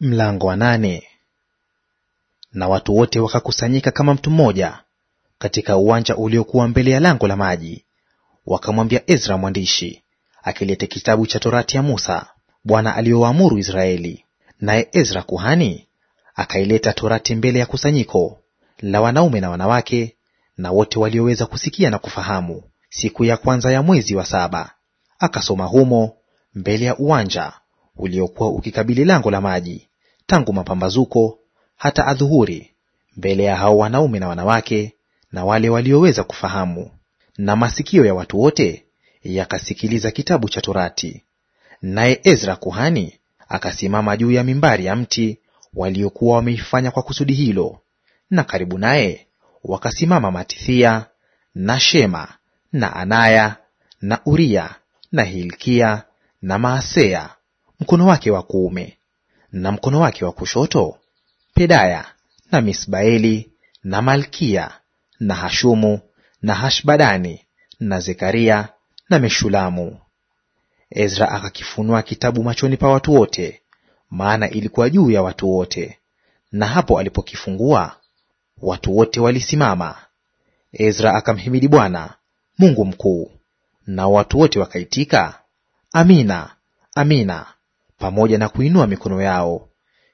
Mlango wa nane. Na watu wote wakakusanyika kama mtu mmoja katika uwanja uliokuwa mbele ya lango la maji, wakamwambia Ezra mwandishi akilete kitabu cha Torati ya Musa Bwana aliyowaamuru Israeli. Naye Ezra kuhani akaileta Torati mbele ya kusanyiko la wanaume na wanawake na wote walioweza kusikia na kufahamu, siku ya kwanza ya mwezi wa saba, akasoma humo mbele ya uwanja uliokuwa ukikabili lango la maji tangu mapambazuko hata adhuhuri, mbele ya hao wanaume na wanawake na wale walioweza kufahamu. Na masikio ya watu wote yakasikiliza kitabu cha Torati. Naye Ezra kuhani akasimama juu ya mimbari ya mti waliokuwa wameifanya kwa kusudi hilo, na karibu naye wakasimama Matithia na Shema na Anaya na Uria na Hilkia na Maaseya mkono wake wa kuume, na mkono wake wa kushoto Pedaya na Misbaeli na Malkia na Hashumu na Hashbadani na Zekaria na Meshulamu. Ezra akakifunua kitabu machoni pa watu wote, maana ilikuwa juu ya watu wote. Na hapo alipokifungua watu wote walisimama. Ezra akamhimidi Bwana Mungu mkuu, na watu wote wakaitika amina, amina pamoja na kuinua mikono yao.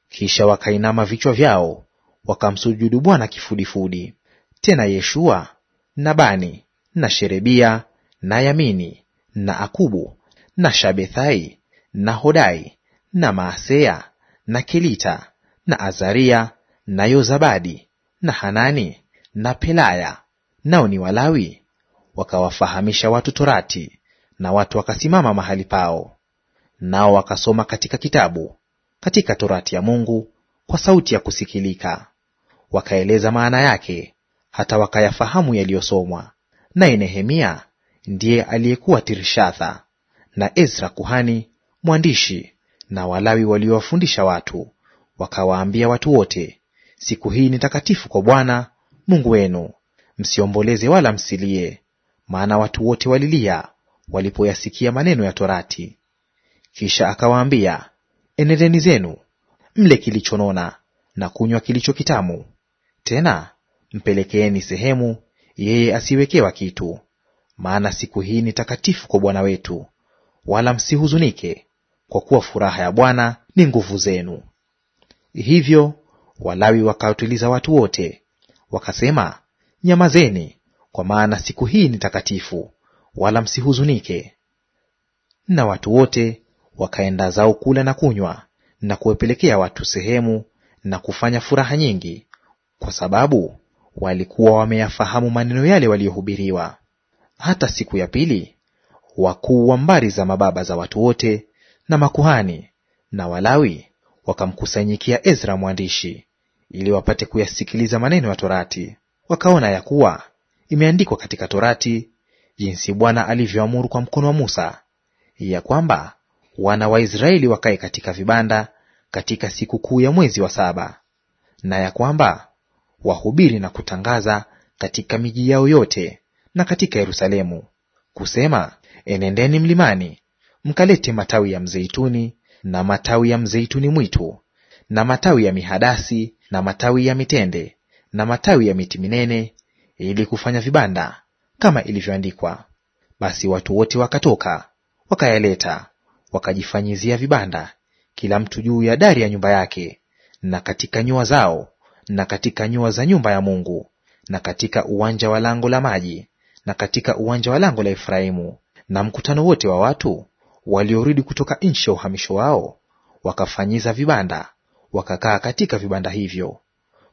Kisha wakainama vichwa vyao wakamsujudu Bwana kifudifudi. Tena Yeshua na Bani na Sherebia na Yamini na Akubu na Shabethai na Hodai na Maaseya na Kelita na Azaria na Yozabadi na Hanani na Pelaya, nao ni Walawi, wakawafahamisha watu Torati, na watu wakasimama mahali pao nao wakasoma katika kitabu, katika torati ya Mungu kwa sauti ya kusikilika, wakaeleza maana yake, hata wakayafahamu yaliyosomwa. Naye Nehemia ndiye aliyekuwa Tirshatha, na Ezra kuhani mwandishi, na Walawi waliowafundisha watu, wakawaambia watu wote, siku hii ni takatifu kwa Bwana Mungu wenu, msiomboleze wala msilie, maana watu wote walilia walipoyasikia maneno ya torati. Kisha akawaambia, enendeni zenu mle kilichonona na kunywa kilicho kitamu, tena mpelekeeni sehemu yeye asiwekewa kitu, maana siku hii ni takatifu kwa Bwana wetu. Wala msihuzunike, kwa kuwa furaha ya Bwana ni nguvu zenu. Hivyo Walawi wakawatuliza watu wote, wakasema, nyamazeni, kwa maana siku hii ni takatifu, wala msihuzunike. Na watu wote wakaenda zao kula na kunywa na kuwapelekea watu sehemu na kufanya furaha nyingi, kwa sababu walikuwa wameyafahamu maneno yale waliyohubiriwa. Hata siku ya pili wakuu wa mbari za mababa za watu wote na makuhani na Walawi wakamkusanyikia Ezra mwandishi, ili wapate kuyasikiliza maneno ya Torati. Wakaona ya kuwa imeandikwa katika Torati jinsi Bwana alivyoamuru kwa mkono wa Musa, ya kwamba wana wa Israeli wakae katika vibanda katika siku kuu ya mwezi wa saba, na ya kwamba wahubiri na kutangaza katika miji yao yote na katika Yerusalemu kusema, enendeni mlimani mkalete matawi ya mzeituni na matawi ya mzeituni mwitu na matawi ya mihadasi na matawi ya mitende na matawi ya miti minene, ili kufanya vibanda kama ilivyoandikwa. Basi watu wote wakatoka wakayaleta wakajifanyizia vibanda, kila mtu juu ya dari ya nyumba yake, na katika nyua zao, na katika nyua za nyumba ya Mungu, na katika uwanja wa lango la maji, na katika uwanja wa lango la Efraimu. Na mkutano wote wa watu waliorudi kutoka nchi ya uhamisho wao wakafanyiza vibanda, wakakaa katika vibanda hivyo.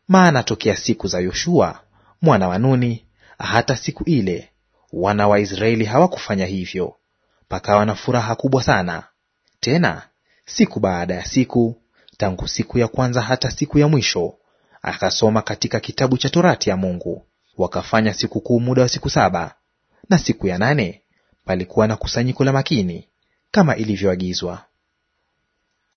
Maana tokea siku za Yoshua mwana wa Nuni hata siku ile wana wa Israeli hawakufanya hivyo, Pakawa na furaha kubwa sana. Tena siku baada ya siku, tangu siku ya kwanza hata siku ya mwisho, akasoma katika kitabu cha Torati ya Mungu. Wakafanya sikukuu muda wa siku saba, na siku ya nane palikuwa na kusanyiko la makini kama ilivyoagizwa.